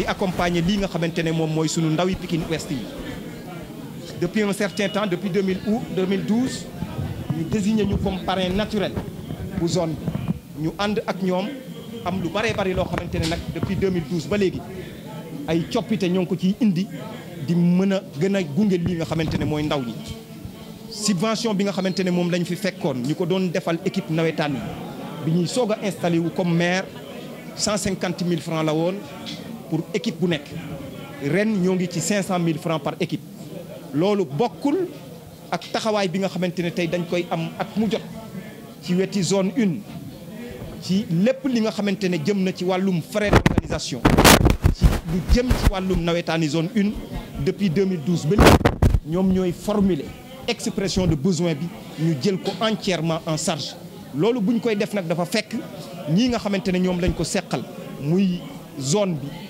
di accompagner li nga xamantene mom moy mooy ndaw yi Pikine Ouest yi depuis un certain temps depuis 2000 août 2012 ñu désigné ñu comme parrain naturel bu zone ñu and ak ñom am lu bëree bëri lo xamantene nak depuis 2012 ba légui ay coppite ñong ko ci indi di mëna gëna gën li nga xamantene moy ndaw ñi subvention bi nga xamantene mom lañ fi fekkone ñuko doon defal équipe nawétane bi ñuy soga installé wu comme maire 150 000 francs la woon pour l'équipe qui est. Rennes, ils ont 500 000 francs par équipe. C'est ce qui est beaucoup. Et ce qui est important, c'est qu'il y a des zones 1. Si l'épouling a maintenu des gemmes qui ont fait l'organisation, si les gemmes qui ont fait zone 1 depuis 2012, nous avons formulé l'expression de besoin bi, nous avons fait entièrement en charge. L'eau de bouillon est fait, nous avons fait que nous avons fait une zone 1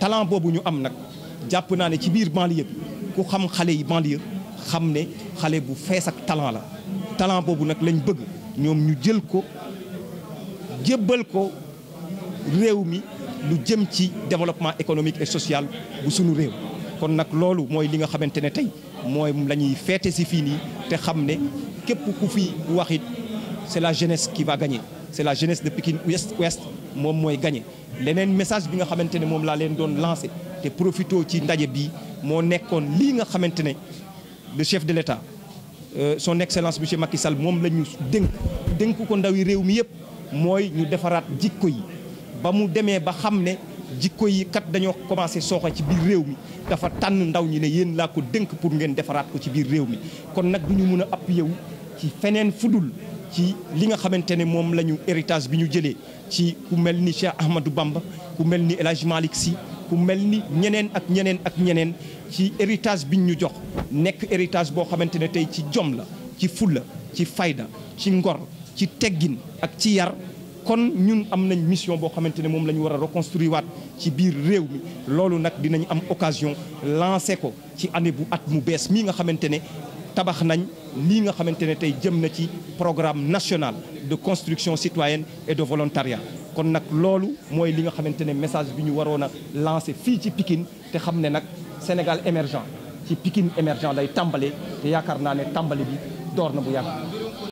talent nous ñu am nak ci biir banlieue ku xam xalé yi bu ak talent la talent bobu nak lañ bëgg ñom ñu jël développement économique et social bu sunu réew kon nak loolu Nous li nga xamantene képp fi c'est la jeunesse qui va gagner c'est la jeunesse de Pékin Ouest Ouest qui va gagner lenen message bi nga xamantene mom la len leen lancer té profito ci ndaje bi mo nekkoon li nga xamantene ne le chef de l'État euh, son excellence monsieur Macky Sall mom lañu ñu dénk ko ndaw yi réew mi yëpp mooy ñu défarat jikko yi ba mu démé ba xamné jikko yi kat dañoo commencé soxé ci biir réew mi dafa tànn ndaw ñi né yeen la ko dénk pour ngeen défarat ko ci biir réew mi kon nak duñu mëna mën wu ci fenen fudul ci li nga xamante ne moom la ñu héritage bi ñu jëlee ci ku mel ni Cheikh Ahmadou Bamba ku mel ni El si ku mel ni ñeneen ak ñeneen ak ñeneen ci héritage bi ñu jox nekk héritage boo xamante ne tey ci jom la ci fulla ci fayda ci ngor ci teggin ak ci yar kon ñun am nañ mission boo xamante ne moom la ñu war a reconstruire waat ci biir réew mi loolu nag dinañ am occasion lancer ko ci année bu at mu bees mii nga xamante ne tabax nañ lii nga xamante ne tey jëm na ci programme national de construction citoyenne et de volontariat kon nag loolu mooy li nga xamante ne message bi ñu waroon a lancer fii ci Pikine te xam ne nag émergent ci Pikine émergent lay tàmbale te yaakaar naa ne tàmbale bi door na bu yàgg